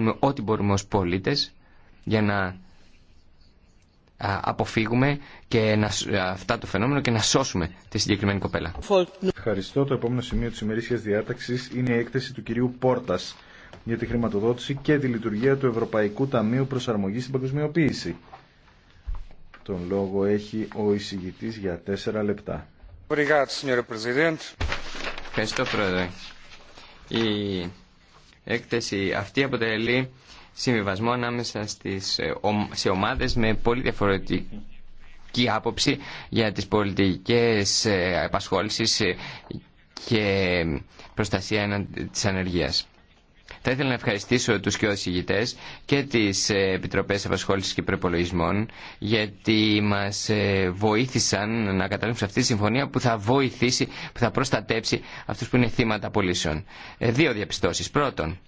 κάνουμε ό,τι μπορούμε ως πολίτες για να αποφύγουμε και να, αυτά το φαινόμενο και να σώσουμε τη συγκεκριμένη κοπέλα. Ευχαριστώ. Το επόμενο σημείο της ημερήσιας διάταξης είναι η έκθεση του κυρίου Πόρτας για τη χρηματοδότηση και τη λειτουργία του Ευρωπαϊκού Ταμείου Προσαρμογής στην Παγκοσμιοποίηση. Τον λόγο έχει ο εισηγητής για τέσσερα λεπτά. Ευχαριστώ, Πρόεδρε. Η έκθεση αυτή αποτελεί συμβιβασμό ανάμεσα στις, ε, σε ομάδες με πολύ διαφορετική άποψη για τις πολιτικές επασχόλησης ε, και προστασία της ανεργίας. Θα ήθελα να ευχαριστήσω τους και ηγητές και τις ε, Επιτροπές Απασχόλησης και Προπολογισμών γιατί μας ε, βοήθησαν να καταλήξουν αυτή τη συμφωνία που θα βοηθήσει, που θα προστατέψει αυτούς που είναι θύματα πολίσεων. Ε, δύο διαπιστώσεις. Πρώτον,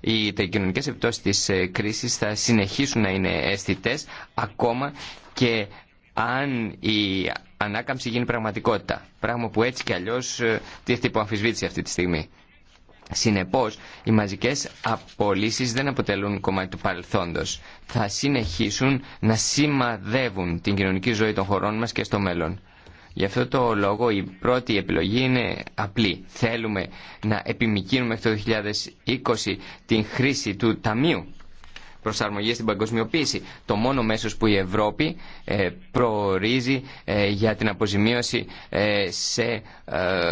οι κοινωνικές επιπτώσεις της κρίσης θα συνεχίσουν να είναι αισθητέ ακόμα και αν η ανάκαμψη γίνει πραγματικότητα. Πράγμα που έτσι κι αλλιώς τίθεται υπό αμφισβήτηση αυτή τη στιγμή. Συνεπώς, οι μαζικές απολύσεις δεν αποτελούν κομμάτι του παρελθόντος. Θα συνεχίσουν να σημαδεύουν την κοινωνική ζωή των χωρών μας και στο μέλλον. Γι' αυτό το λόγο η πρώτη επιλογή είναι απλή. Θέλουμε να επιμηκύνουμε μέχρι το 2020 την χρήση του Ταμείου προσαρμογή στην παγκοσμιοποίηση. Το μόνο μέσο που η Ευρώπη ε, προορίζει ε, για την αποζημίωση ε, σε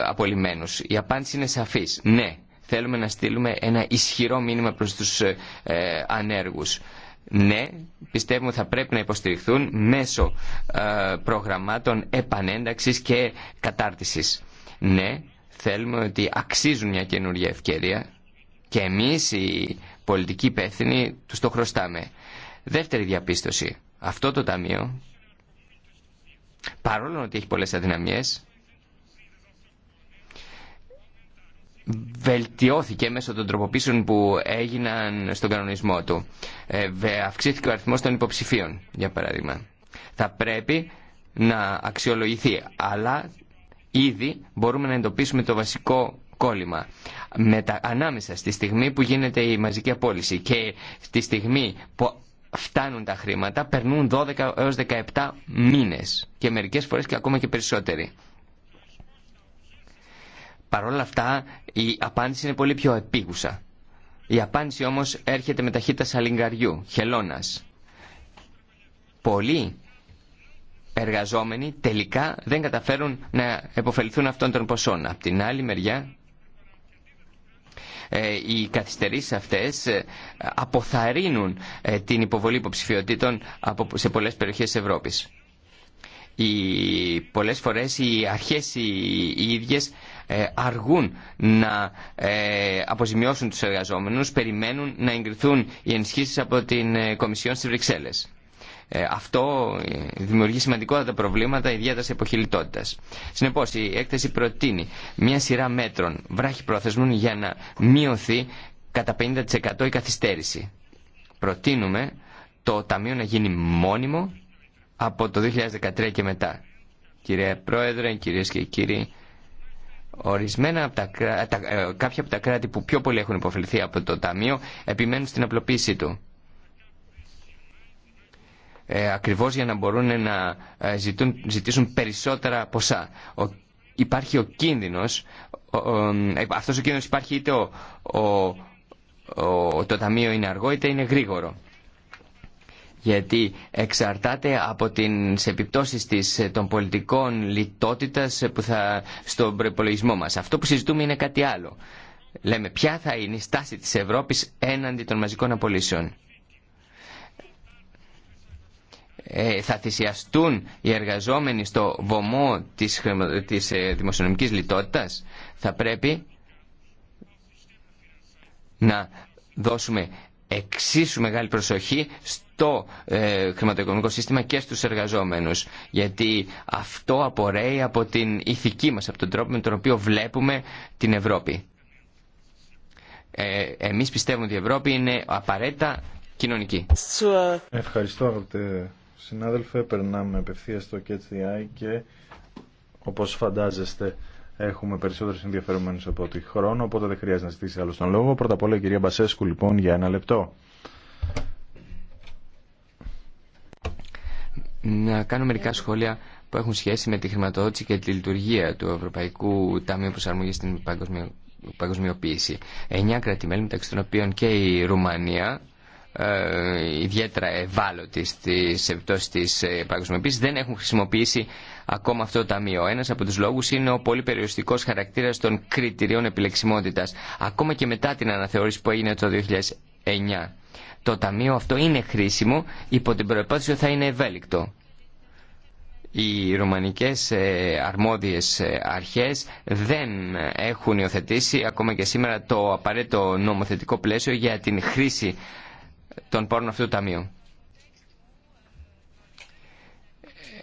απολυμμένους. Η απάντηση είναι σαφής. Ναι, θέλουμε να στείλουμε ένα ισχυρό μήνυμα προς τους ε, ε, ανέργους. Ναι, πιστεύουμε ότι θα πρέπει να υποστηριχθούν μέσω ε, προγραμμάτων επανένταξης και κατάρτισης. Ναι, θέλουμε ότι αξίζουν μια καινούργια ευκαιρία και εμείς οι πολιτικοί υπεύθυνοι τους το χρωστάμε. Δεύτερη διαπίστωση. Αυτό το ταμείο, παρόλο ότι έχει πολλές αδυναμίες, βελτιώθηκε μέσω των τροποποίησεων που έγιναν στον κανονισμό του. Ε, αυξήθηκε ο αριθμός των υποψηφίων, για παράδειγμα. Θα πρέπει να αξιολογηθεί, αλλά ήδη μπορούμε να εντοπίσουμε το βασικό κόλλημα. τα ανάμεσα στη στιγμή που γίνεται η μαζική απόλυση και στη στιγμή που φτάνουν τα χρήματα περνούν 12 έως 17 μήνες και μερικές φορές και ακόμα και περισσότεροι. Παρ' όλα αυτά η απάντηση είναι πολύ πιο επίγουσα. Η απάντηση όμως έρχεται με ταχύτητα σαλιγκαριού, χελώνας. Πολλοί εργαζόμενοι τελικά δεν καταφέρουν να επωφεληθούν αυτών των ποσών. Απ' την άλλη μεριά ε, οι καθυστερήσεις αυτές ε, αποθαρρύνουν ε, την υποβολή υποψηφιότητων σε πολλές περιοχές της Ευρώπης. Οι, πολλές φορές οι αρχές οι, οι ίδιες ε, αργούν να ε, αποζημιώσουν τους εργαζόμενους, περιμένουν να εγκριθούν οι ενισχύσεις από την ε, Κομισιόν στις Βρυξέλλες. Αυτό δημιουργεί σημαντικότατα προβλήματα, ιδιαίτερα σε λιτότητα. Συνεπώ, η έκθεση προτείνει μια σειρά μέτρων βράχη πρόθεσμων για να μειωθεί κατά 50% η καθυστέρηση. Προτείνουμε το Ταμείο να γίνει μόνιμο από το 2013 και μετά. Κύριε Πρόεδρε, κυρίε και κύριοι, Ορισμένα από τα, τα, ε, κάποια από τα κράτη που πιο πολύ έχουν υποφεληθεί από το Ταμείο επιμένουν στην απλοποίησή του. Ε, ακριβώς για να μπορούν να ε, ζητούν, ζητήσουν περισσότερα ποσά. υπάρχει ο κίνδυνος, ο, ε, αυτός ο κίνδυνος υπάρχει είτε ο, το Ταμείο είναι αργό είτε είναι γρήγορο γιατί εξαρτάται από τι επιπτώσεις της, ε, των πολιτικών λιτότητας ε, που στον προπολογισμό μας. Αυτό που συζητούμε είναι κάτι άλλο. Λέμε ποια θα είναι η στάση της Ευρώπης έναντι των μαζικών απολύσεων. Ε, θα θυσιαστούν οι εργαζόμενοι στο βωμό της, της δημοσιονομικής λιτότητας. Θα πρέπει να δώσουμε εξίσου μεγάλη προσοχή στο ε, χρηματοοικονομικό σύστημα και στους εργαζόμενους. Γιατί αυτό απορρέει από την ηθική μας, από τον τρόπο με τον οποίο βλέπουμε την Ευρώπη. Ε, εμείς πιστεύουμε ότι η Ευρώπη είναι απαραίτητα κοινωνική. Ευχαριστώ αγαπητέ συνάδελφε. Περνάμε απευθεία στο KTI και όπως φαντάζεστε Έχουμε περισσότερες ενδιαφερομένους από ό,τι χρόνο, οπότε δεν χρειάζεται να ζητήσει άλλο τον λόγο. Πρώτα απ' όλα η κυρία Μπασέσκου λοιπόν για ένα λεπτό. Να κάνω μερικά σχόλια που έχουν σχέση με τη χρηματοδότηση και τη λειτουργία του Ευρωπαϊκού Ταμείου Προσαρμογής στην Παγκοσμιοποίηση. Εννιά κράτη-μέλη, μεταξύ των οποίων και η Ρουμανία ε, ιδιαίτερα ευάλωτοι στις επιπτώσεις της ε, παγκοσμιοποίησης δεν έχουν χρησιμοποιήσει ακόμα αυτό το ταμείο. Ένας από τους λόγους είναι ο πολύ περιοριστικός χαρακτήρας των κριτηρίων επιλεξιμότητας. Ακόμα και μετά την αναθεώρηση που έγινε το 2009. Το ταμείο αυτό είναι χρήσιμο υπό την προπόθεση ότι θα είναι ευέλικτο. Οι ρωμανικές ε, αρμόδιες αρχές δεν έχουν υιοθετήσει ακόμα και σήμερα το απαραίτητο νομοθετικό πλαίσιο για την χρήση τον πόρων αυτού του ταμείου.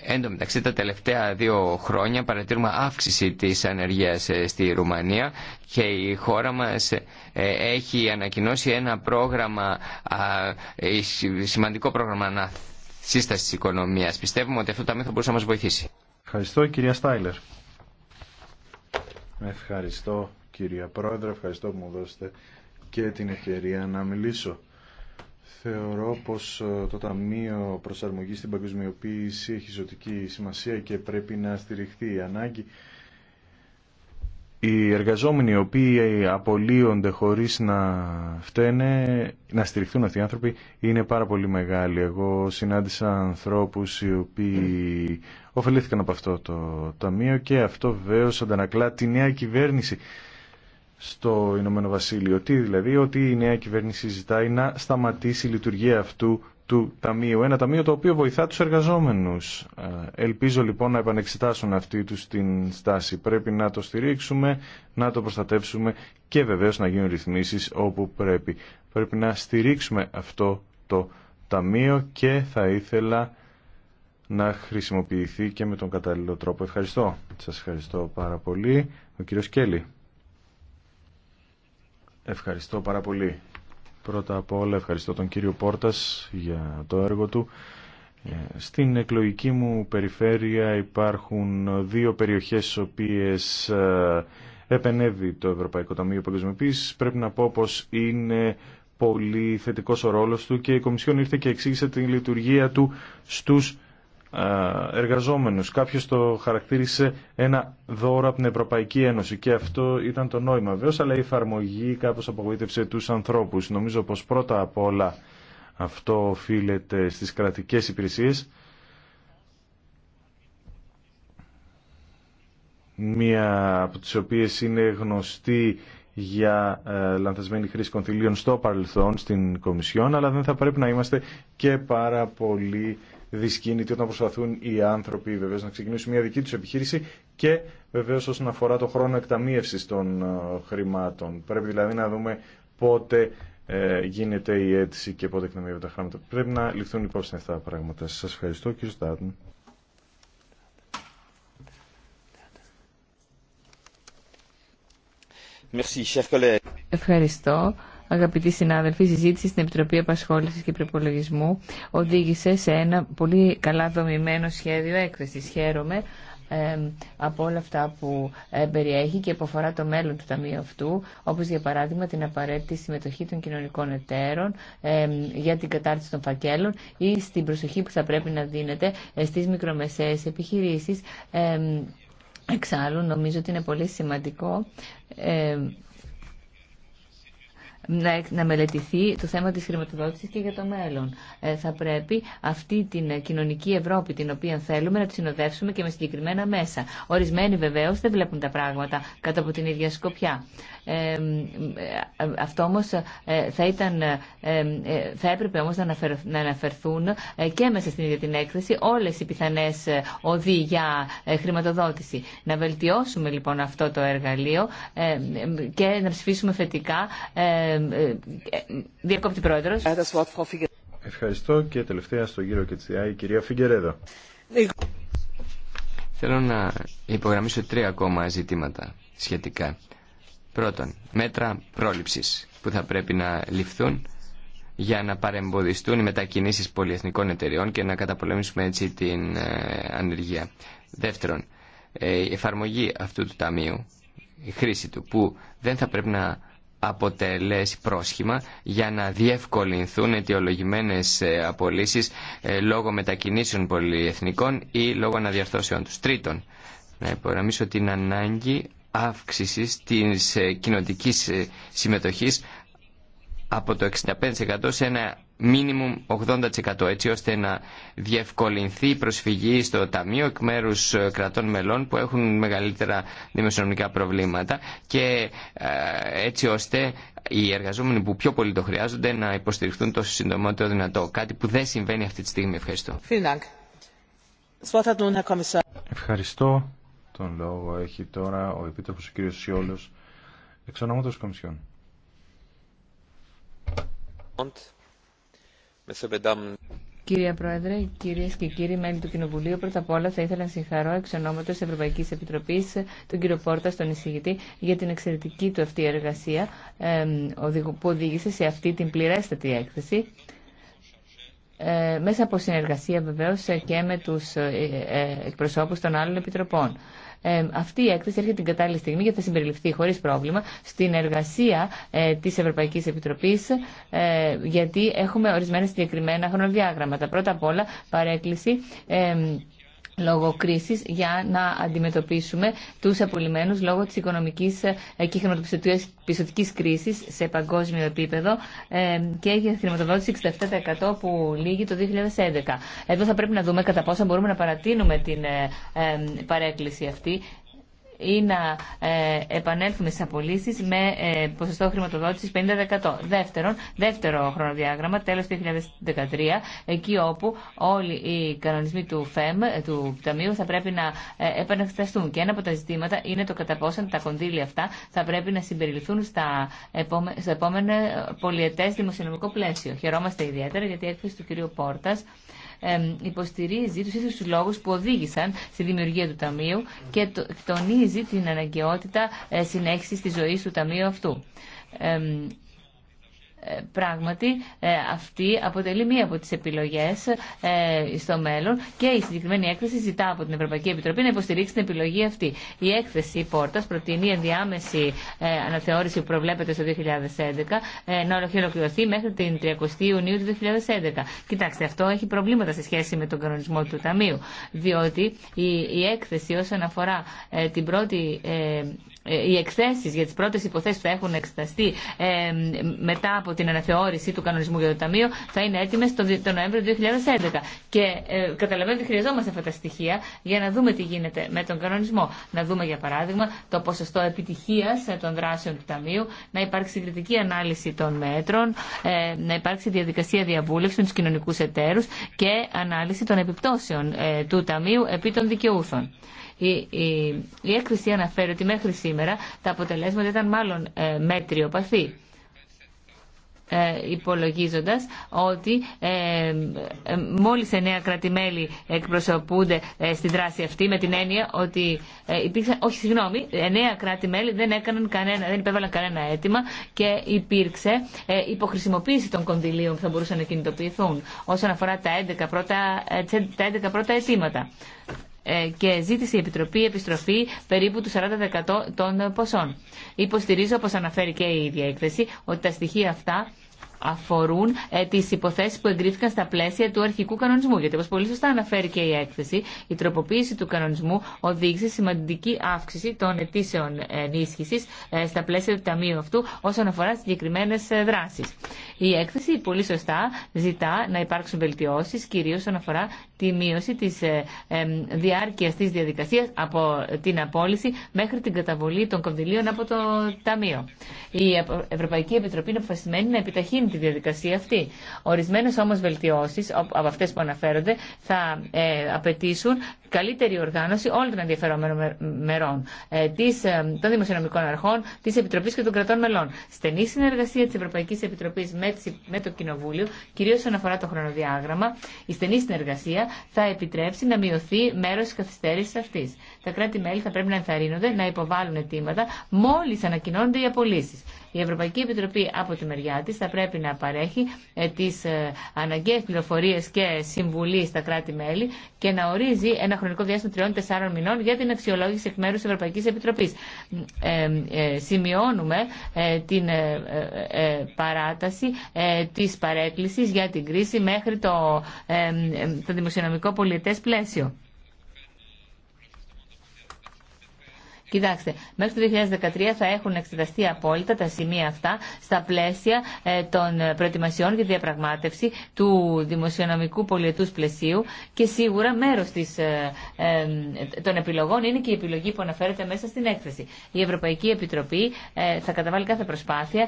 Εν τω μεταξύ τα τελευταία δύο χρόνια παρατηρούμε αύξηση της ανεργίας ε, στη Ρουμανία και η χώρα μας ε, έχει ανακοινώσει ένα πρόγραμμα, ε, σημαντικό πρόγραμμα ανασύστασης της οικονομίας. Πιστεύουμε ότι αυτό το ταμείο θα μπορούσε να μας βοηθήσει. Ευχαριστώ κυρία Στάιλερ. Ευχαριστώ κυρία Πρόεδρε, ευχαριστώ που μου δώσετε και την ευκαιρία να μιλήσω. Θεωρώ πως ε, το Ταμείο Προσαρμογής στην Παγκοσμιοποίηση έχει ζωτική σημασία και πρέπει να στηριχθεί η ανάγκη. Οι εργαζόμενοι οι οποίοι απολύονται χωρίς να φταίνε, να στηριχθούν αυτοί οι άνθρωποι, είναι πάρα πολύ μεγάλοι. Εγώ συνάντησα ανθρώπους οι οποίοι ωφελήθηκαν από αυτό το ταμείο και αυτό βεβαίω αντανακλά τη νέα κυβέρνηση στο Ηνωμένο Βασίλειο. Τι δηλαδή, ότι η νέα κυβέρνηση ζητάει να σταματήσει η λειτουργία αυτού του ταμείου. Ένα ταμείο το οποίο βοηθά τους εργαζόμενους. Ε, ελπίζω λοιπόν να επανεξετάσουν αυτή τους την στάση. Πρέπει να το στηρίξουμε, να το προστατεύσουμε και βεβαίως να γίνουν ρυθμίσεις όπου πρέπει. Πρέπει να στηρίξουμε αυτό το ταμείο και θα ήθελα να χρησιμοποιηθεί και με τον κατάλληλο τρόπο. Ευχαριστώ. Σας ευχαριστώ πάρα πολύ. Ο κύριος Κέλλη. Ευχαριστώ πάρα πολύ. Πρώτα απ' όλα ευχαριστώ τον κύριο Πόρτας για το έργο του. Ε, στην εκλογική μου περιφέρεια υπάρχουν δύο περιοχές στις οποίες ε, επενεύει το Ευρωπαϊκό Ταμείο Παγκοσμιοποίησης. Πρέπει να πω πως είναι πολύ θετικός ο ρόλος του και η Κομισιόν ήρθε και εξήγησε την λειτουργία του στους εργαζόμενους. Κάποιος το χαρακτήρισε ένα δώρο από την Ευρωπαϊκή Ένωση και αυτό ήταν το νόημα βέβαια, αλλά η εφαρμογή κάπως απογοήτευσε τους ανθρώπους. Νομίζω πως πρώτα απ' όλα αυτό οφείλεται στις κρατικές υπηρεσίες. Μία από τις οποίες είναι γνωστή για ε, λανθασμένη χρήση κονθυλίων στο παρελθόν στην Κομισιόν, αλλά δεν θα πρέπει να είμαστε και πάρα πολύ δυσκίνητοι όταν προσπαθούν οι άνθρωποι βεβαίως να ξεκινήσουν μια δική τους επιχείρηση και βεβαίως όσον αφορά το χρόνο εκταμίευσης των ε, χρημάτων. Πρέπει δηλαδή να δούμε πότε ε, γίνεται η αίτηση και πότε εκταμείευε τα χρήματα. Πρέπει να ληφθούν υπόψη αυτά τα πράγματα. Σας ευχαριστώ κύριε Στάτν. Ευχαριστώ αγαπητοί συνάδελφοι, η συζήτηση στην Επιτροπή Απασχόληση και Προπολογισμού οδήγησε σε ένα πολύ καλά δομημένο σχέδιο έκθεση Χαίρομαι από όλα αυτά που ε, περιέχει και που αφορά το μέλλον του Ταμείου αυτού, όπω για παράδειγμα την απαραίτητη συμμετοχή των κοινωνικών εταίρων για την κατάρτιση των φακέλων ή στην προσοχή που θα πρέπει να δίνεται ε, στις μικρομεσαίες επιχειρήσεις. Εξάλλου, νομίζω ότι είναι πολύ σημαντικό να μελετηθεί το θέμα της χρηματοδότησης και για το μέλλον. Ε, θα πρέπει αυτή την κοινωνική Ευρώπη την οποία θέλουμε να τη συνοδεύσουμε και με συγκεκριμένα μέσα. Ορισμένοι βεβαίω δεν βλέπουν τα πράγματα κατά από την ίδια σκοπιά. Ε, ε αυτό όμω ε, θα, ήταν, θα έπρεπε να αναφερθούν και μέσα στην ίδια την έκθεση όλε οι πιθανέ οδοί για χρηματοδότηση. Να βελτιώσουμε λοιπόν αυτό το εργαλείο και να ψηφίσουμε θετικά ε, ε, διακόπτη πρόεδρος. Ε, Ευχαριστώ και τελευταία στο γύρο και η κυρία Φιγκερέδο. Θέλω να υπογραμμίσω τρία ακόμα ζητήματα σχετικά. Πρώτον, μέτρα πρόληψης που θα πρέπει να ληφθούν για να παρεμποδιστούν οι μετακινήσεις πολυεθνικών εταιριών και να καταπολεμήσουμε έτσι την ανεργία. Δεύτερον, η εφαρμογή αυτού του ταμείου, η χρήση του, που δεν θα πρέπει να αποτελέσει πρόσχημα για να διευκολυνθούν αιτιολογημένες ε, απολύσεις ε, λόγω μετακινήσεων πολυεθνικών ή λόγω αναδιαρθώσεων τους. Τρίτον, να υπογραμμίσω την ανάγκη αύξησης της ε, κοινοτικής συμμετοχής από το 65% σε ένα μίνιμουμ 80% έτσι ώστε να διευκολυνθεί η προσφυγή στο Ταμείο εκ μέρους ε, κρατών μελών που έχουν μεγαλύτερα δημοσιονομικά προβλήματα και ε, έτσι ώστε οι εργαζόμενοι που πιο πολύ το χρειάζονται να υποστηριχθούν το συντομότερο δυνατό. Κάτι που δεν συμβαίνει αυτή τη στιγμή. Ευχαριστώ. Ευχαριστώ. Τον λόγο έχει τώρα ο Επίτροπος ο κ. Σιόλος εξ ονόματος Κομισιόν. Κύριε Πρόεδρε, κυρίες και κύριοι μέλη του Κοινοβουλίου, πρώτα απ' όλα θα ήθελα να συγχαρώ εξ ονόματο της Ευρωπαϊκής Επιτροπής τον κύριο Πόρτα, τον εισηγητή, για την εξαιρετική του αυτή εργασία που οδήγησε σε αυτή την πληρέστατη έκθεση. Ε, μέσα από συνεργασία βεβαίως και με τους ε, ε, εκπροσώπους των άλλων επιτροπών ε, αυτή η έκθεση έρχεται την κατάλληλη στιγμή γιατί θα συμπεριληφθεί χωρί πρόβλημα στην εργασία ε, τη Ευρωπαϊκή Επιτροπή, ε, γιατί έχουμε ορισμένα συγκεκριμένα χρονοδιάγραμματα. Πρώτα απ' όλα, παρέκκληση. Ε, λόγω κρίσης για να αντιμετωπίσουμε τους απολυμμένους λόγω της οικονομικής ε, και χρηματοπιστωτικής κρίσης σε παγκόσμιο επίπεδο ε, και για χρηματοδότηση 67% που λύγει το 2011. Εδώ θα πρέπει να δούμε κατά πόσα μπορούμε να παρατείνουμε την ε, παρέκκληση αυτή ή να ε, επανέλθουμε στι απολύσει με ε, ποσοστό χρηματοδότηση 50%. Δεύτερον, δεύτερο χρονοδιάγραμμα, τέλο του 2013, εκεί όπου όλοι οι κανονισμοί του ΦΕΜ, ε, του Ταμείου, θα πρέπει να επανεξεταστούν. Και ένα από τα ζητήματα είναι το κατά πόσον τα κονδύλια αυτά θα πρέπει να συμπεριληφθούν στα επόμενα, στο επόμενο πολιετέ δημοσιονομικό πλαίσιο. Χαιρόμαστε ιδιαίτερα γιατί η έκθεση του κ. Πόρτα υποστηρίζει τους ίδιους τους λόγους που οδήγησαν στη δημιουργία του Ταμείου και τονίζει την αναγκαιότητα ε, συνέχισης της ζωής του Ταμείου αυτού. Ε, πράγματι, ε, αυτή αποτελεί μία από τις επιλογές ε, στο μέλλον και η συγκεκριμένη έκθεση ζητά από την Ευρωπαϊκή Επιτροπή να υποστηρίξει την επιλογή αυτή. Η έκθεση Πόρτας προτείνει ενδιάμεση αναθεώρηση που προβλέπεται στο 2011 να ολοκληρωθεί μέχρι την 30 Ιουνίου του 2011. Κοιτάξτε, αυτό έχει προβλήματα σε σχέση με τον κανονισμό του Ταμείου, διότι η έκθεση όσον αφορά την πρώτη ε, οι εκθέσει για τι πρώτε υποθέσει που θα έχουν εξεταστεί ε, μετά από την αναθεώρηση του κανονισμού για το Ταμείο θα είναι έτοιμε τον Νοέμβριο 2011. Και ε, καταλαβαίνετε ότι χρειαζόμαστε αυτά τα στοιχεία για να δούμε τι γίνεται με τον κανονισμό. Να δούμε, για παράδειγμα, το ποσοστό επιτυχία των δράσεων του Ταμείου, να υπάρξει συγκριτική ανάλυση των μέτρων, να υπάρξει διαδικασία διαβούλευση με του κοινωνικού εταίρου και ανάλυση των επιπτώσεων του Ταμείου επί των δικαιούθων. Η, η, η έκθεση αναφέρει ότι μέχρι σήμερα τα αποτελέσματα ήταν μάλλον ε, παθή Ε, υπολογίζοντας ότι ε, ε, μόλις εννέα κρατημέλη εκπροσωπούνται ε, στη δράση αυτή με την έννοια ότι ε, υπήρξαν, όχι συγγνώμη, εννέα κράτη-μέλη δεν έκαναν κανένα, δεν υπέβαλαν κανένα αίτημα και υπήρξε ε, υποχρησιμοποίηση των κονδυλίων που θα μπορούσαν να κινητοποιηθούν όσον αφορά τα 11 πρώτα, τα 11 πρώτα αιτήματα. Ε, και ζήτησε η Επιτροπή επιστροφή περίπου του 40% των ποσών. Υποστηρίζω, όπω αναφέρει και η ίδια έκθεση, ότι τα στοιχεία αυτά αφορούν ε, τι υποθέσει που εγκρίθηκαν στα πλαίσια του αρχικού κανονισμού. Γιατί, όπω πολύ σωστά αναφέρει και η έκθεση, η τροποποίηση του κανονισμού οδήγησε σημαντική αύξηση των αιτήσεων ενίσχυση ε, στα πλαίσια του Ταμείου αυτού όσον αφορά συγκεκριμένε ε, δράσει. Η έκθεση, πολύ σωστά, ζητά να υπάρξουν βελτιώσει, κυρίω όσον αφορά τη μείωση τη ε, διάρκεια τη διαδικασία από την απόλυση μέχρι την καταβολή των κονδυλίων από το Ταμείο. Η Ευρωπαϊκή Επιτροπή είναι αποφασισμένη να επιταχύνει τη διαδικασία αυτή. Ορισμένε όμω βελτιώσει από αυτέ που αναφέρονται θα ε, απαιτήσουν καλύτερη οργάνωση όλων των ενδιαφερόμενων μερών, ε, της, ε, των δημοσιονομικών αρχών, τη Επιτροπή και των κρατών μελών. Στενή συνεργασία τη Ευρωπαϊκή Επιτροπή με, με το Κοινοβούλιο, κυρίω όσον αφορά το χρονοδιάγραμμα, η στενή συνεργασία θα επιτρέψει να μειωθεί μέρο τη καθυστέρηση αυτή. Τα κράτη-μέλη θα πρέπει να ενθαρρύνονται να υποβάλουν αιτήματα μόλι ανακοινώνονται οι απολύσει. Η Ευρωπαϊκή Επιτροπή από τη μεριά τη θα πρέπει να παρέχει ε, τι ε, αναγκαίε πληροφορίε και συμβουλή στα κράτη-μέλη και να ορίζει ένα χρονικό διάστημα τριών-τεσσάρων μηνών για την αξιολόγηση εκ μέρου τη Ευρωπαϊκή Επιτροπή. Ε, σημειώνουμε την παράταση τη παρέκκληση για την κρίση μέχρι το δημοσιονομικό πολιτέ πλαίσιο. Κοιτάξτε, μέχρι το 2013 θα έχουν εξεταστεί απόλυτα τα σημεία αυτά στα πλαίσια ε, των προετοιμασιών για διαπραγμάτευση του δημοσιονομικού πολιετούς πλαισίου και σίγουρα μέρος της, ε, ε, των επιλογών είναι και η επιλογή που αναφέρεται μέσα στην έκθεση. Η Ευρωπαϊκή Επιτροπή θα καταβάλει κάθε προσπάθεια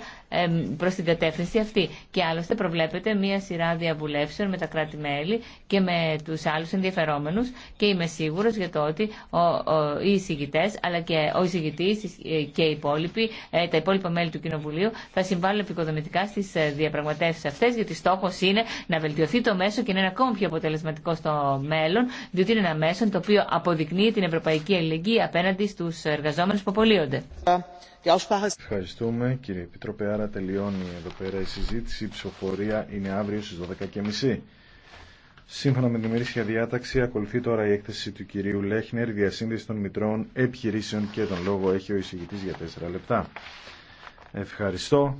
προς την κατεύθυνση αυτή και άλλωστε προβλέπεται μία σειρά διαβουλεύσεων με τα κράτη-μέλη και με τους άλλους ενδιαφερόμενους και είμαι σίγουρος για το ότι οι εισηγητές αλλά και ο εισηγητή ε, και οι υπόλοιποι, ε, τα υπόλοιπα μέλη του Κοινοβουλίου, θα συμβάλλουν επικοδομητικά στι ε, διαπραγματεύσει αυτέ, γιατί στόχο είναι να βελτιωθεί το μέσο και να είναι ακόμα πιο αποτελεσματικό στο μέλλον, διότι είναι ένα μέσο το οποίο αποδεικνύει την ευρωπαϊκή αλληλεγγύη απέναντι στου εργαζόμενου που απολύονται. Ευχαριστούμε κύριε Επιτροπέ. Άρα τελειώνει εδώ πέρα η συζήτηση. Η ψηφοφορία είναι αύριο στι 12.30. Σύμφωνα με την ημερήσια διάταξη, ακολουθεί τώρα η έκθεση του κυρίου Λέχνερ, διασύνδεση των μητρών επιχειρήσεων και τον λόγο έχει ο εισηγητής για 4 λεπτά. Ευχαριστώ.